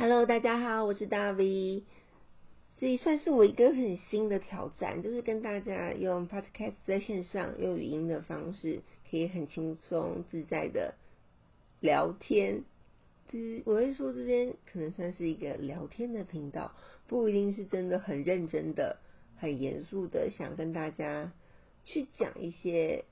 Hello，大家好，我是大 V。這也算是我一個很新的挑戰，就是跟大家用 Podcast 在線上用語音的方式，可以很輕鬆自在的聊天。其實我會說，這邊可能算是一個聊天的頻道，不一定是真的很認真的、很嚴肅的，想跟大家去講一些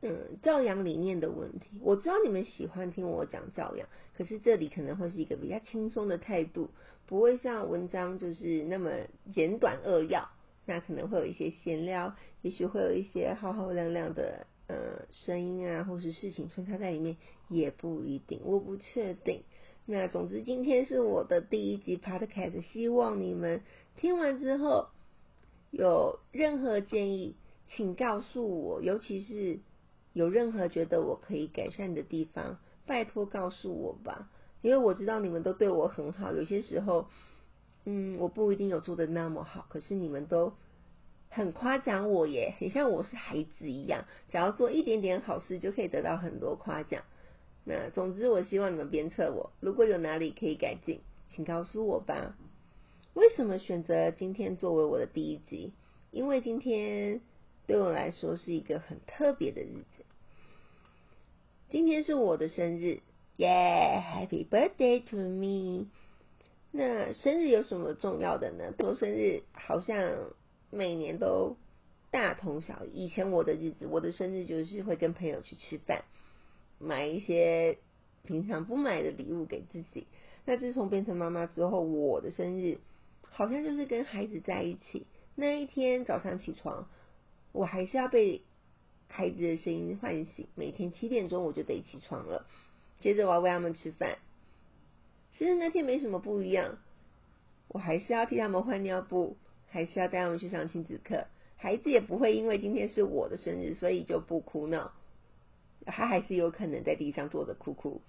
嗯教養理念的問題。我知道你們喜歡聽我講教養。可是這裡可能會是一個比較輕鬆的態度，不會像文章就是那麼簡短扼要。那可能會有一些閒聊，也許會有一些浩浩亮亮的呃聲音啊，或是事情穿插在裡面，也不一定，我不確定。那總之，今天是我的第一集 Podcast，希望你們聽完之後有任何建議，請告訴我，尤其是有任何覺得我可以改善的地方。拜託告訴我吧，因為我知道你們都對我很好。有些時候，嗯，我不一定有做的那麼好，可是你們都很誇獎我耶，很像我是孩子一樣，只要做一點點好事就可以得到很多誇獎。那總之，我希望你們鞭策我。如果有哪裡可以改進，請告訴我吧。為什麼選擇今天作為我的第一集？因為今天對我來說是一個很特別的日子。今天是我的生日，yeah，耶！Happy birthday to me！那生日有什麼重要的呢？過生日好像每年都大同小異。以前我的日子，我的生日就是會跟朋友去吃飯，買一些平常不買的禮物給自己。那自從變成媽媽之後，我的生日好像就是跟孩子在一起。那一天早上起床，我還是要被孩子的聲音喚醒，每天七點鐘我就得起床了。接着我要餵他們吃飯，其實那天沒什麼不一樣，我還是要替他們換尿布，還是要帶他們去上親子課。孩子也不會因為今天是我的生日，所以就不哭鬧，他還是有可能在地上坐着哭哭。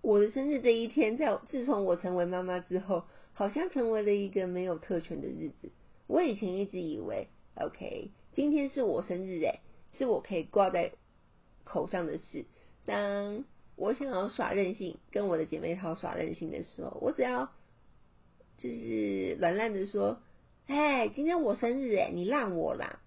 我的生日這一天，在自從我成為媽媽之後，好像成為了一個沒有特權的日子。我以前一直以為，OK，今天是我生日，欸，哎。是我可以掛在口上的事。當我想要耍任性，跟我的姐妹淘耍任性的時候，我只要就是軟爛的說：“哎、欸，今天我生日哎、欸，你讓我啦。”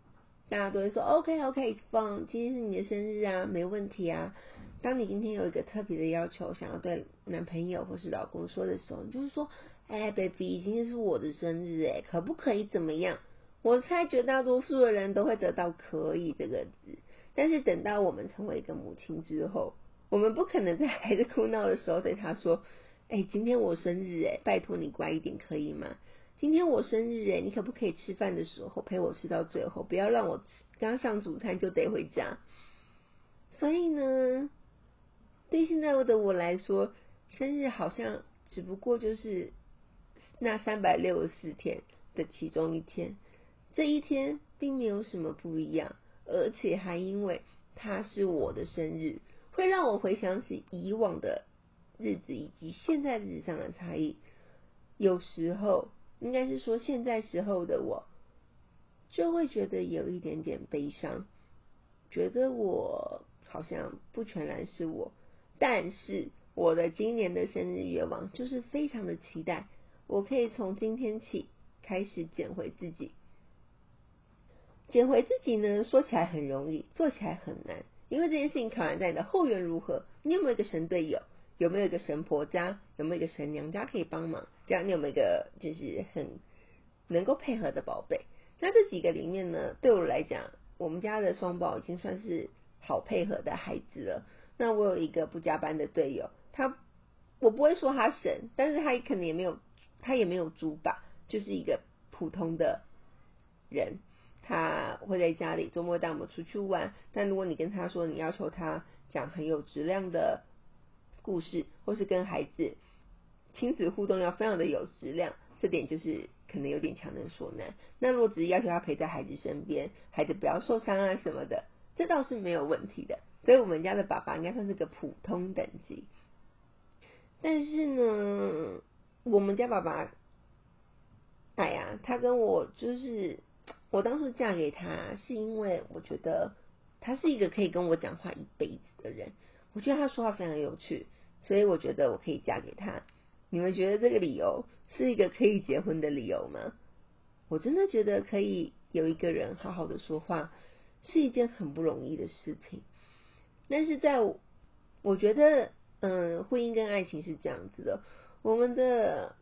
大家都會說：“OK OK，放，今天是你的生日啊，沒問題啊。”當你今天有一個特別的要求，想要對男朋友或是老公說的時候，你就是說：“哎、欸，baby，今天是我的生日哎、欸，可不可以怎麼樣？”我猜絕大多數的人都會得到“可以”這個字，但是等到我們成為一個母親之後，我們不可能在孩子哭鬧的時候對他說：“哎，今天我生日，哎，拜托你乖一點可以嗎？今天我生日，哎，你可不可以吃飯的時候陪我吃到最後，不要讓我吃，剛上主餐就得回家？”所以呢，對現在的我來說，生日好像只不過就是那三百六十四天的其中一天。這一天並沒有什麼不一樣，而且還因為它是我的生日，會讓我回想起以往的日子以及現在日子上的差異。有時候，應該是說現在時候的我，就會覺得有一點點悲傷，覺得我好像不全然是我。但是，我的今年的生日願望就是非常的期待，我可以從今天起開始撿回自己。撿回自己呢，說起來很容易，做起來很難。因為這件事情考驗在你的後援如何，你有沒有一個神隊友，有沒有一個神婆家，有沒有一個神娘家可以幫忙？這樣你有沒有一個就是很能夠配合的寶貝？那這幾個裡面呢，對我來講，我們家的雙寶已經算是好配合的孩子了。那我有一個不加班的隊友，他我不會說他神，但是他可能也沒有，他也沒有豬吧，就是一個普通的人。他會在家裡周末帶我們出去玩，但如果你跟他說你要求他講很有質量的故事，或是跟孩子親子互動要非常的有質量，這點就是可能有點強人所難。那如果只是要求他陪在孩子身邊，孩子不要受傷啊什麼的，這倒是沒有問題的。所以我們家的爸爸應該算是個普通等級。但是呢，我們家爸爸，哎呀，他跟我就是。我當時嫁給他，是因為我覺得他是一個可以跟我講話一輩子的人。我覺得他說話非常有趣，所以我覺得我可以嫁給他。你們覺得這個理由是一個可以結婚的理由嗎？我真的覺得可以有一個人好好的說話，是一件很不容易的事情。但是在我，我覺得，嗯，婚姻跟愛情是這樣子的，我們的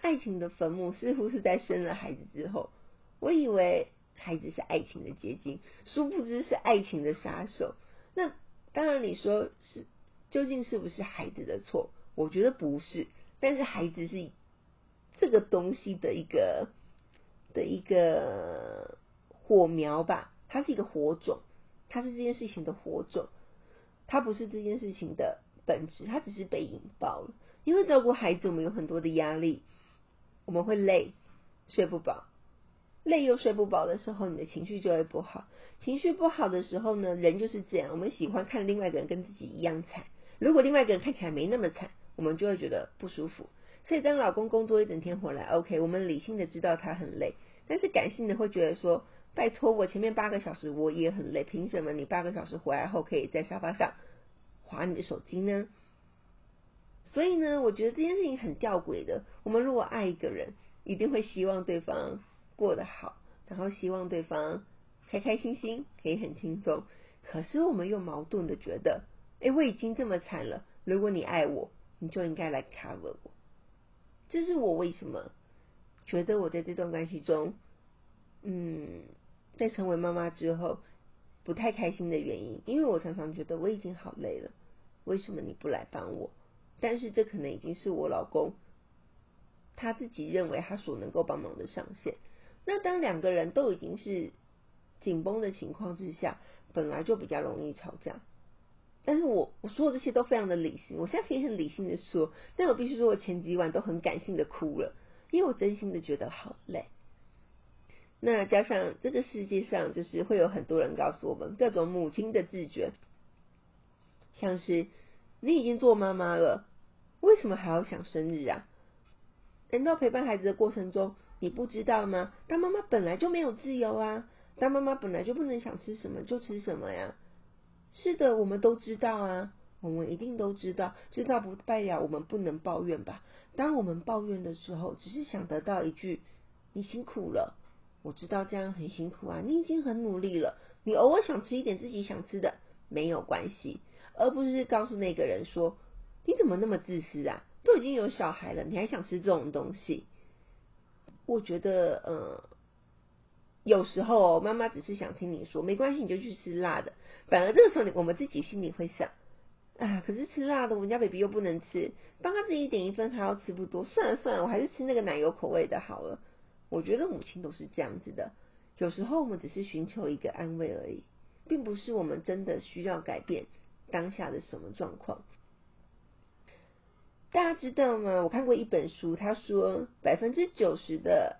愛情的墳墓似乎是在生了孩子之後。我以為孩子是愛情的結晶，殊不知是愛情的殺手。那當然，你說是，究竟是不是孩子的錯？我覺得不是。但是孩子是這個東西的一個的一個火苗吧？它是一個火種，它是這件事情的火種，它不是這件事情的本質，它只是被引爆了。因為照顧孩子，我們有很多的壓力，我們會累，睡不飽。累又睡不飽的時候，你的情緒就會不好。情緒不好的時候呢，人就是這樣。我們喜歡看另外一個人跟自己一樣慘。如果另外一個人看起來沒那麼慘，我們就會覺得不舒服。所以當老公工作一整天回來，OK，我們理性的知道他很累，但是感性的會覺得說：拜託我前面八個小時我也很累，憑什麼你八個小時回來後可以在沙發上划你的手機呢？所以呢，我覺得這件事情很吊詭的。我們如果愛一個人，一定會希望對方。過得好，然後希望對方開開心心，可以很輕鬆。可是我們又矛盾的覺得，哎，我已經這麼慘了，如果你愛我，你就應該來 cover 我。這是我為什麼覺得我在這段關係中，嗯，在成為媽媽之後不太開心的原因，因為我常常覺得我已經好累了，為什麼你不來幫我？但是這可能已經是我老公他自己認為他所能夠幫忙的上限。那當兩個人都已經是緊繃的情況之下，本來就比較容易吵架。但是我我說的這些都非常的理性，我現在可以很理性的說，但我必須說我前幾晚都很感性的哭了，因為我真心的覺得好累。那加上這個世界上，就是會有很多人告訴我們各種母親的自覺，像是你已經做媽媽了，為什麼還要想生日啊？等到陪伴孩子的過程中？你不知道嗎？當媽媽本來就沒有自由啊，當媽媽本來就不能想吃什麼就吃什麼呀。是的，我們都知道啊，我們一定都知道，知道不代表我們不能抱怨吧。當我們抱怨的時候，只是想得到一句“你辛苦了”，我知道這樣很辛苦啊，你已經很努力了，你偶爾想吃一點自己想吃的，沒有關係，而不是告訴那個人說“你怎麼那麼自私啊？都已經有小孩了，你還想吃這種東西？”我覺得，呃，有時候哦，媽媽只是想聽你說，沒關係，你就去吃辣的。反而那個時候，我們自己心裡會想，啊，可是吃辣的，我們家 baby 又不能吃，幫他自己點一份，他要吃不多，算了算了，我還是吃那個奶油口味的好了。我覺得母親都是這樣子的，有時候我們只是尋求一個安慰而已，並不是我們真的需要改變當下的什麼狀況。大家知道嗎？我看過一本書，他說百分之九十的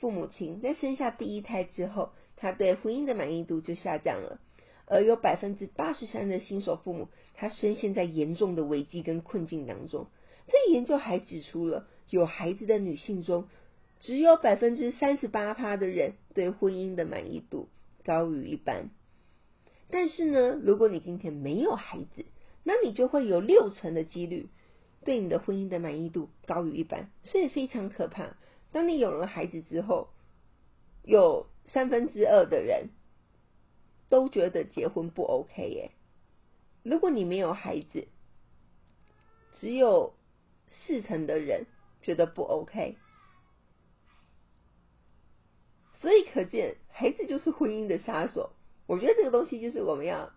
父母親在生下第一胎之後，他對婚姻的滿意度就下降了，而有百分之八十三的新手父母，他深陷在嚴重的危機跟困境當中。這研究還指出了，有孩子的女性中，只有百分之三十八趴的人對婚姻的滿意度高於一般。但是呢，如果你今天沒有孩子，那你就會有六成的幾率。對你的婚姻的滿意度高於一般，所以非常可怕。當你有了孩子之後，有三分之二的人都覺得結婚不 OK 耶。如果你沒有孩子，只有四成的人覺得不 OK。所以可見，孩子就是婚姻的殺手。我覺得這個東西就是我們要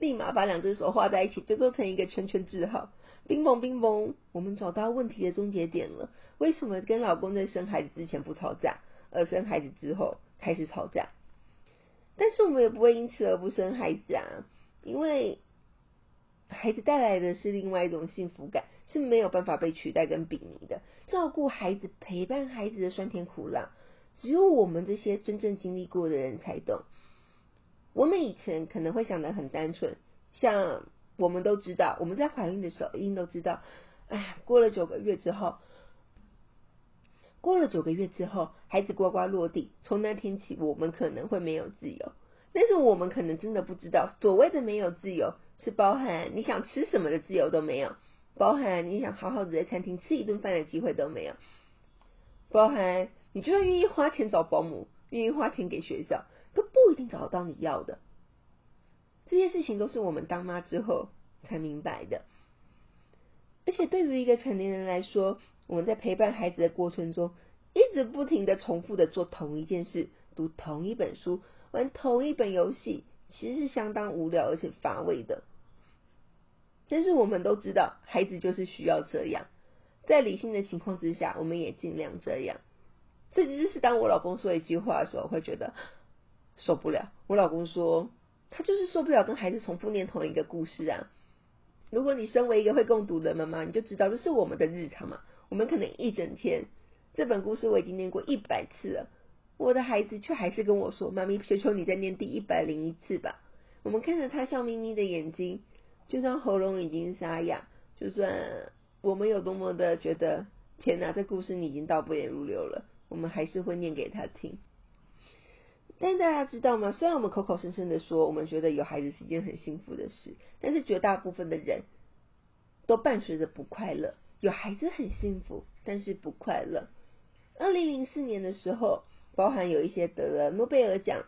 立馬把兩只手畫在一起，就做成一個圈圈記號。冰崩冰崩，我們找到問題的終結點了。為什麼跟老公在生孩子之前不吵架，而生孩子之後開始吵架？但是我們也不會因此而不生孩子啊，因為孩子帶來的是另外一種幸福感，是沒有辦法被取代跟比擬的。照顧孩子、陪伴孩子的酸甜苦辣，只有我們這些真正經歷過的人才懂。我們以前可能會想得很單純，像。我們都知道，我們在懷孕的時候一定都知道，哎，過了九個月之後，過了九個月之後，孩子呱呱落地，從那天起，我們可能會沒有自由。但是我們可能真的不知道，所謂的沒有自由，是包含你想吃什麼的自由都沒有，包含你想好好的在餐廳吃一頓飯的機會都沒有，包含你就算願意花錢找保姆，願意花錢給學校，都不一定找得到你要的。這些事情都是我們當媽之後才明白的，而且對於一個成年人來說，我們在陪伴孩子的過程中，一直不停的重複的做同一件事，讀同一本書，玩同一本遊戲，其實是相當無聊而且乏味的。但是我們都知道，孩子就是需要這樣，在理性的情況之下，我們也盡量這樣。這就是當我老公說一句話的時候，會覺得受不了。我老公說。他就是受不了跟孩子重複念同一個故事啊！如果你身為一個會共讀的媽媽，你就知道這是我們的日常嘛。我們可能一整天，這本故事我已經念過一百次了，我的孩子卻還是跟我說：“媽咪，求求你再念第一百零一次吧。”我們看着他笑眯眯的眼睛，就算喉嚨已經沙啞，就算我們有多麼的覺得天哪，這故事你已經倒背如流了，我們還是會念給他聽。但是大家知道嗎？雖然我們口口聲聲的說，我們覺得有孩子是一件很幸福的事，但是絕大部分的人都伴隨着不快樂。有孩子很幸福，但是不快樂。二零零四年的時候，包含有一些得了諾貝爾獎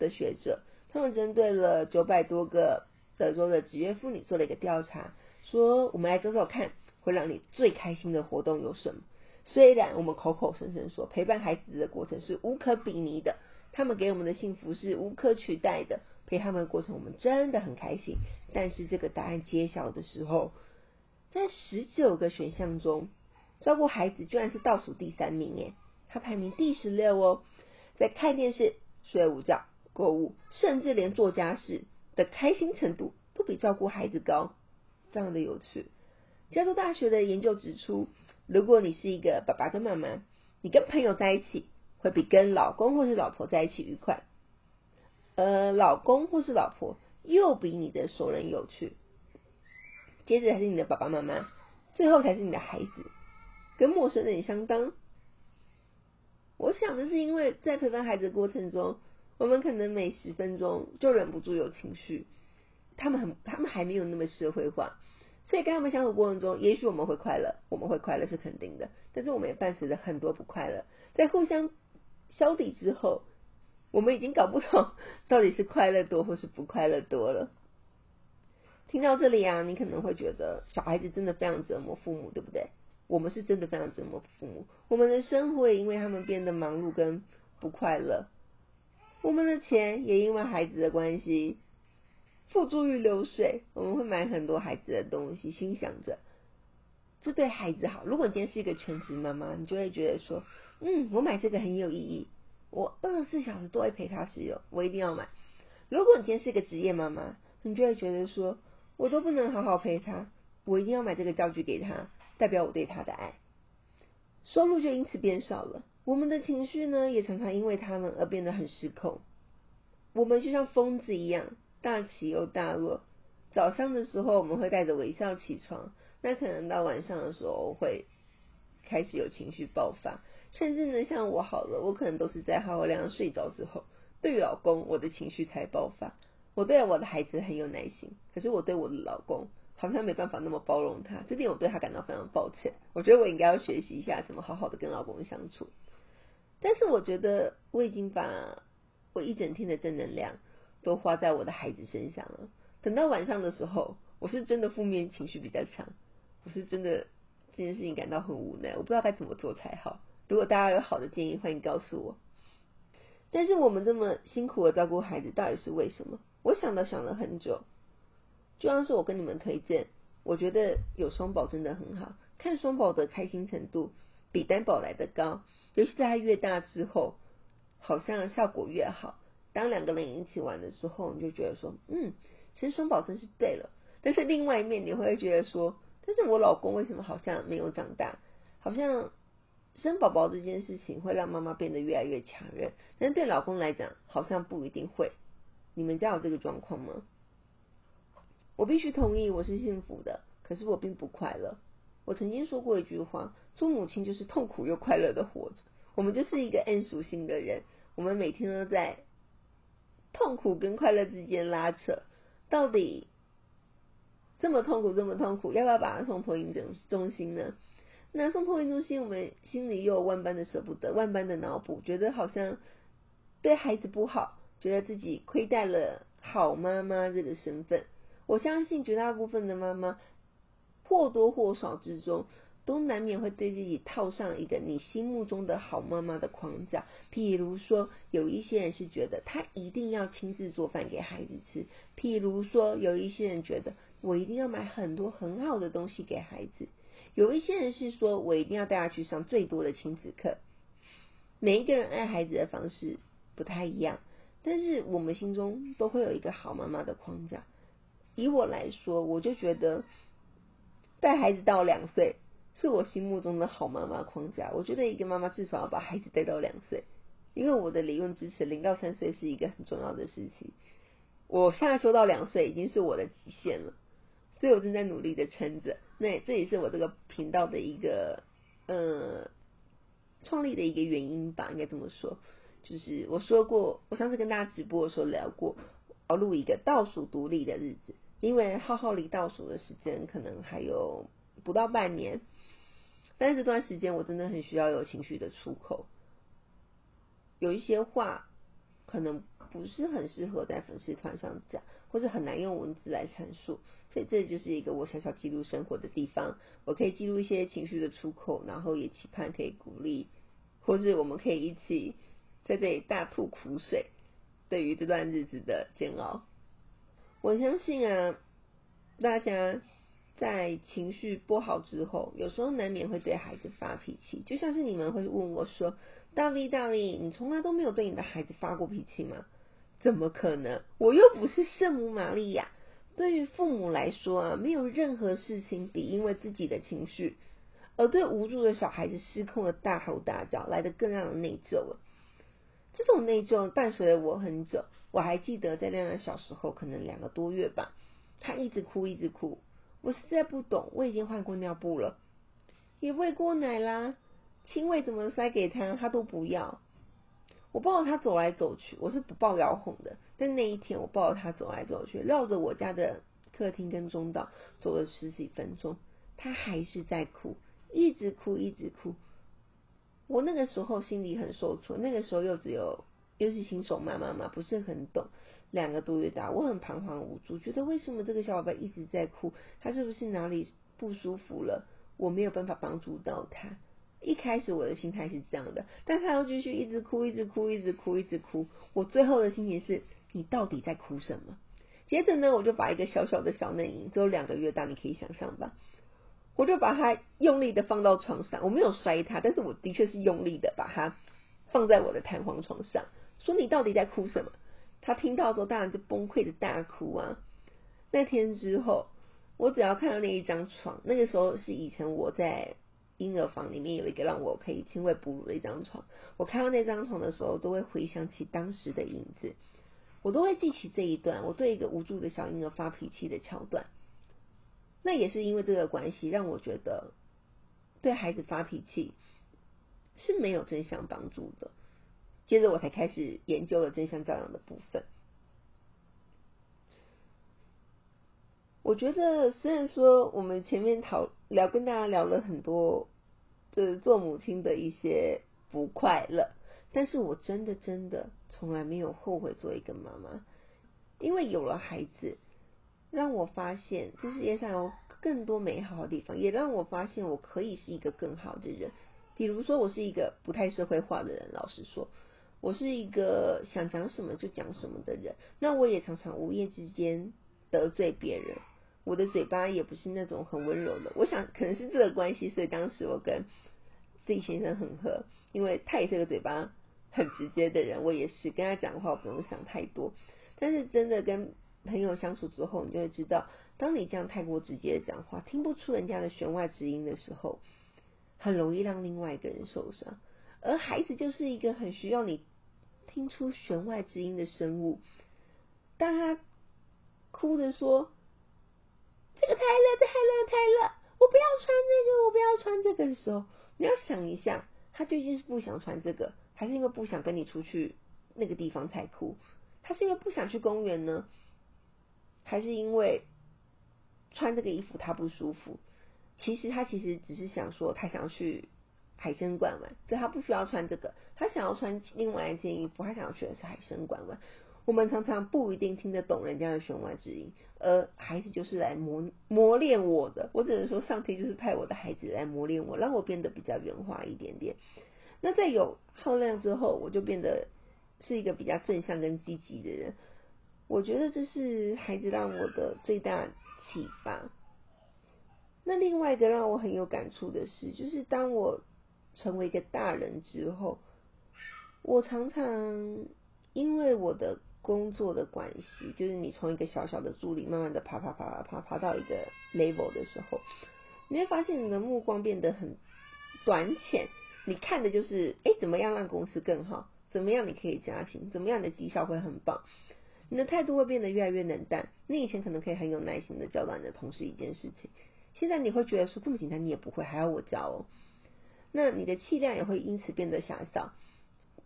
的學者，他們針對了九百多個德州的職業婦女做了一個調查，說：我們來走走看，會讓你最開心的活動有什麼？雖然我們口口聲聲說陪伴孩子的過程是無可比擬的。他們給我們的幸福是無可取代的，陪他們的過程我們真的很開心。但是這個答案揭曉的時候，在十九個選項中，照顧孩子居然是倒數第三名，誒。他排名第十六哦。在看電視、睡午覺、購物，甚至連做家事的開心程度，都比照顧孩子高。非常的有趣，加州大學的研究指出，如果你是一個爸爸跟媽媽，你跟朋友在一起。會比跟老公或是老婆在一起愉快，呃，老公或是老婆又比你的熟人有趣，接着才是你的爸爸媽媽，最後才是你的孩子，跟陌生人也相當。我想的是因為在陪伴孩子的過程中，我們可能每十分鐘就忍不住有情緒，他們很，他們還沒有那麼社會化，所以跟他們相處過程中，也許我們會快樂，我們會快樂是肯定的，但是我們也伴隨着很多不快樂，在互相。消底之後，我們已經搞不懂到底是快樂多或是不快樂多了。聽到這裡啊，你可能會覺得小孩子真的非常折磨父母，對不對？我們是真的非常折磨父母，我們的生活也因為他們變得忙碌跟不快樂，我們的錢也因為孩子的關係付諸於流水。我們會買很多孩子的東西，心想着這對孩子好。如果你今天是一個全職媽媽，你就會覺得說。嗯，我買這個很有意義。我二十四小時都會陪他使用，我一定要買。如果你今天是個職業媽媽，你就會覺得說，我都不能好好陪他，我一定要買這個教具給他，代表我對他的愛。收入就因此變少了。我們的情緒呢，也常常因為他們而變得很失控。我們就像瘋子一樣，大起又大落。早上的時候我們會帶着微笑起床，那可能到晚上的時候我會。開始有情緒爆發，甚至呢，像我好了，我可能都是在好好量、睡着之後，對於老公我的情緒才爆發。我對我的孩子很有耐心，可是我對我的老公好像沒辦法那麼包容他，這點我對他感到非常抱歉。我覺得我應該要學習一下怎麼好好的跟老公相處。但是我覺得我已經把我一整天的正能量都花在我的孩子身上了。等到晚上的時候，我是真的負面情緒比較強，我是真的。這件事情感到很無奈，我不知道該怎麼做才好。如果大家有好的建議，歡迎告訴我。但是我們這麼辛苦的照顧孩子，到底是為什麼？我想了想了很久，就像是我跟你們推薦，我覺得有雙寶真的很好，看雙寶的開心程度比單寶來得高，尤其在他越大之後，好像效果越好。當兩個人一起玩的時候，你就覺得說，嗯，其實雙寶真是對了。但是另外一面，你會覺得說。但是我老公為什麼好像沒有長大？好像生寶寶這件事情會讓媽媽變得越來越強韌，但對老公來講好像不一定會。你們家有這個狀況嗎？我必須同意，我是幸福的，可是我並不快樂。我曾經說過一句話，做母親就是痛苦又快樂的活着。我們就是一個 N 屬性的人，我們每天都在痛苦跟快樂之間拉扯，到底。這麼痛苦，這麼痛苦，要不要把她送托嬰中心呢？那送托嬰中心，我們心裡又有萬般的舍不得，萬般的腦補，覺得好像對孩子不好，覺得自己虧待了好媽媽這個身份。我相信絕大部分的媽媽或多或少之中，都難免會對自己套上一個你心目中的好媽媽的框架。譬如說，有一些人是覺得她一定要親自做飯給孩子吃；譬如說，有一些人覺得。我一定要買很多很好的東西給孩子。有一些人是說，我一定要帶他去上最多的親子課。每一個人愛孩子的方式不太一樣，但是我們心中都會有一個好媽媽的框架。以我來說，我就覺得帶孩子到兩歲是我心目中的好媽媽框架。我覺得一個媽媽至少要把孩子帶到兩歲，因為我的理論支持零到三歲是一個很重要的事情。我現在說到兩歲已經是我的極限了。所以我正在努力的撐着，那這也是我這個頻道的一個呃、嗯、創立的一個原因吧，應該這麼說。就是我說過，我上次跟大家直播的時候聊過，要錄一個倒數獨立的日子，因為浩浩離倒數的時間可能還有不到半年，但是這段時間我真的很需要有情緒的出口，有一些話可能不是很適合在粉絲團上講。或是很難用文字來闡述，所以這就是一個我小小記錄生活的地方。我可以記錄一些情緒的出口，然後也期盼可以鼓勵，或是我們可以一起在這裡大吐苦水，對於這段日子的煎熬。我相信啊，大家在情緒撥好之後，有時候難免會對孩子發脾氣，就像是你們會問我說：“大力，大力，你從來都沒有對你的孩子發過脾氣嗎？”怎麼可能？我又不是聖母瑪利亞。對於父母來說啊，沒有任何事情比因為自己的情緒而對無助的小孩子失控的大吼大叫來的更讓人內疚了。這種內疚伴隨了我很久。我還記得在亮亮小時候，可能兩個多月吧，他一直哭，一直哭。我實在不懂，我已經換過尿布了，也餵過奶啦，親餵怎麼塞給他，他都不要。我抱着他走來走去，我是不抱搖哄的。但那一天，我抱着他走來走去，繞着我家的客廳跟中島走了十幾分鐘，他還是在哭，哭，一直哭，一直哭。我那個時候心裡很受挫，那個時候又只有尤其新手媽媽嘛，不是很懂，兩個多月大，我很彷徨無助，覺得為什麼這個小伙伴一直在哭，他是不是哪裡不舒服了？我沒有辦法幫助到他。一開始我的心態是這樣的，但他又繼續一直，一直哭，一直哭，一直哭，一直哭。我最後的心情是：你到底在哭什麼？接着呢，我就把一個小小的小嫩營只有兩個月大，你可以想象吧，我就把他用力的放到床上，我沒有摔他，但是我的確是用力的把他放在我的彈簧床上，說你到底在哭什麼？他聽到之後當然就崩潰的大哭啊。那天之後，我只要看到那一張床，那個時候是以前我在。嬰兒房裡面有一個讓我可以親餵哺乳的一張床，我看到那張床的時候，都會回想起當時的影子，我都會記起這一段我對一個無助的小嬰兒發脾氣的橋段。那也是因為這個關係，讓我覺得對孩子發脾氣是沒有正向幫助的。接着我才開始研究了正向教養的部分。我覺得，雖然說我們前面討聊跟大家聊了很多，就是做母親的一些不快樂，但是我真的真的從來沒有後悔做一個媽媽，因為有了孩子，讓我發現這世界上有更多美好的地方，也讓我發現我可以是一個更好的人。比如說，我是一個不太社會化的人，老實說，我是一個想講什麼就講什麼的人，那我也常常無意之間得罪別人。我的嘴巴也不是那種很溫柔的，我想可能是這個關係，所以當時我跟 Z 先生很合，因為他也是個嘴巴很直接的人，我也是跟他講話，我不用想太多。但是真的跟朋友相處之後，你就會知道，當你這樣太過直接的講話，聽不出人家的弦外之音的時候，很容易讓另外一個人受傷。而孩子就是一個很需要你聽出弦外之音的生物。當他哭着說。這個太熱太熱太熱！我不要穿這個，我不要穿這個的時候。你要想一下，他究竟是不想穿這個，還是因為不想跟你出去那個地方才哭？他是因為不想去公園呢，還是因為穿這個衣服他不舒服？其實他其實只是想說，他想要去海生館玩，所以他不需要穿這個。他想要穿另外一件衣服，他想要去的是海生館玩。我們常常不一定聽得懂人家的弦外之音，而孩子就是來磨磨練我的。我只能說，上帝就是派我的孩子來磨練我，讓我變得比較圓滑一點點。那在有浩亮之後，我就變得是一個比較正向跟積極的人。我覺得這是孩子讓我的最大啟發。那另外一個讓我很有感觸的事，就是當我成為一個大人之後，我常常因為我的。工作的關係，就是你從一個小小的助理，慢慢的爬爬爬爬爬爬爬到一個 level 的時候，你會發現你的目光變得很短淺，你看的就是，哎、欸，怎麼樣讓公司更好，怎麼樣你可以加薪，怎麼樣你的績效會很棒，你的態度會變得越來越冷淡。你以前可能可以很有耐心的教導你的同事一件事情，現在你會覺得說，這麼簡單你也不會，還要我教哦？那你的氣量也會因此變得狹小。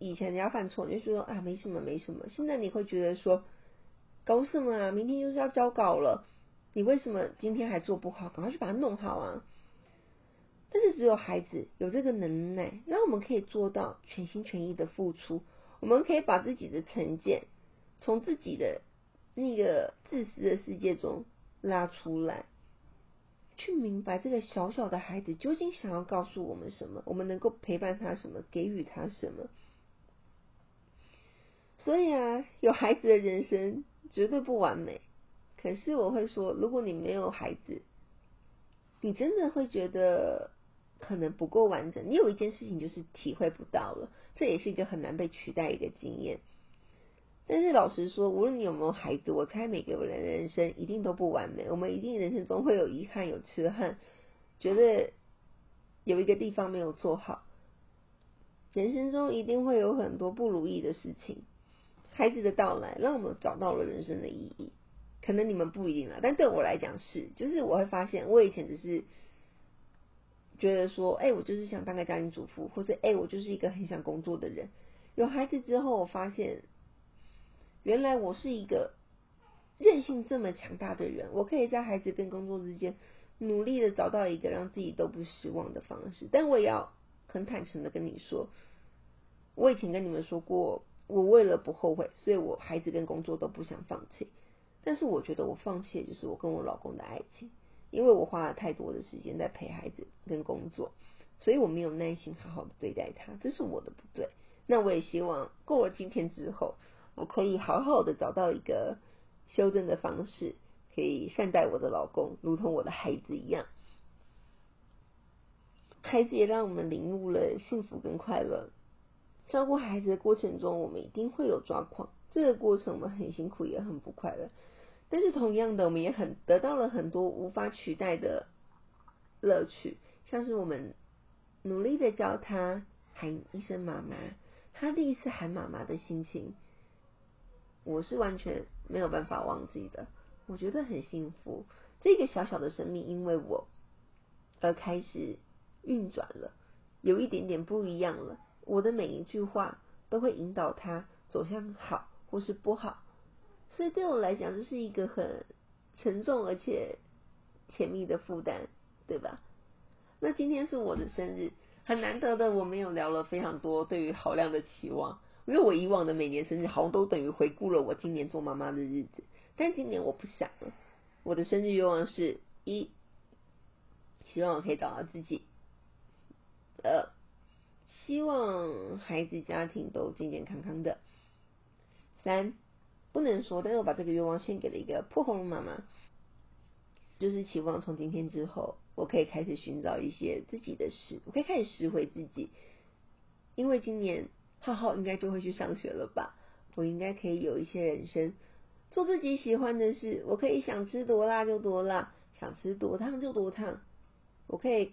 以前人家犯錯，你就說啊，沒什麼，沒什麼。現在你會覺得說搞什麼啊？明天就是要交稿了，你為什麼今天還做不好？趕快去把它弄好啊！但是只有孩子有這個能耐，那我們可以做到全心全意的付出。我們可以把自己的成見，從自己的那個自私的世界中拉出來，去明白這個小小的孩子究竟想要告訴我們什麼？我們能夠陪伴他什麼？給予他什麼？所以啊，有孩子的人生絕對不完美。可是我會說，如果你沒有孩子，你真的會覺得可能不夠完整。你有一件事情就是體會不到了，這也是一個很難被取代一個經驗。但是老實說，無論你有沒有孩子，我猜每個人的人生一定都不完美。我們一定人生中會有遺憾、有缺憾，覺得有一個地方沒有做好。人生中一定會有很多不如意的事情。孩子的到來，讓我們找到了人生的意義。可能你們不一定了，但對我來講是，就是我會發現，我以前只是覺得說，哎、欸，我就是想當個家庭主婦，或是哎、欸，我就是一個很想工作的人。有孩子之後，我發現原來我是一個韌性這麼強大的人，我可以在孩子跟工作之間努力的找到一個讓自己都不失望的方式。但我也要很坦誠的跟你說，我以前跟你們說過。我為了不後悔，所以我孩子跟工作都不想放棄。但是我覺得我放棄的就是我跟我老公的愛情，因為我花了太多的時間在陪孩子跟工作，所以我沒有耐心好好的對待他，這是我的不對。那我也希望過了今天之後，我可以好好的找到一個修正的方式，可以善待我的老公，如同我的孩子一樣。孩子也讓我們領悟了幸福跟快樂。照顧孩子的過程中，我們一定會有抓狂，這個過程我們很辛苦，也很不快樂。但是同樣的，我們也很得到了很多無法取代的樂趣，像是我們努力的教他喊一聲媽媽，他第一次喊媽媽的心情，我是完全沒有辦法忘記的。我覺得很幸福，這個小小的生命因為我而開始運轉了，有一點點不一樣了。我的每一句話都會引導他走向好或是不好，所以對我來講，這是一個很沉重而且甜蜜的負擔，對吧？那今天是我的生日，很難得的，我們有聊了非常多對於好亮的期望，因為我以往的每年生日好像都等於回顧了我今年做媽媽的日子，但今年我不想了。我的生日願望是：一，希望我可以找到自己。二。希望孩子家庭都健健康康的。三，不能說，但是我把這個願望獻給了一個破喉嚨媽媽，就是期望從今天之後，我可以開始尋找一些自己的事，我可以開始拾回自己。因為今年浩浩應該就會去上學了吧，我應該可以有一些人生，做自己喜歡的事。我可以想吃多辣就多辣，想吃多燙就多燙。我可以。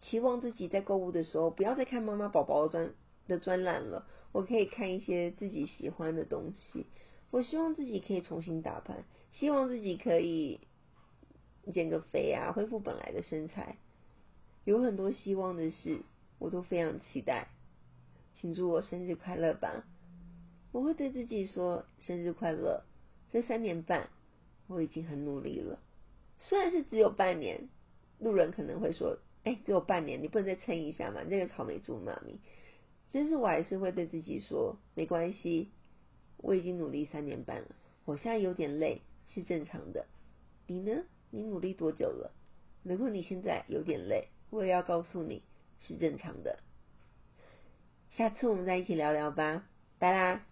期望自己在購物的時候，不要再看媽媽寶寶專的專欄了。我可以看一些自己喜歡的東西。我希望自己可以重新打扮，希望自己可以減個肥啊，恢復本來的身材。有很多希望的事，我都非常期待。請祝我生日快樂吧！我會對自己說：“生日快樂！”這三年半，我已經很努力了。雖然是只有半年，路人可能會說。哎、欸，只有半年，你不能再撐一下嗎？你這個草莓豬媽咪，但是我還是會對自己說，沒關係，我已經努力三年半了，我現在有點累是正常的。你呢？你努力多久了？如果你現在有點累，我也要告訴你，是正常的。下次我們再一起聊聊吧，拜啦。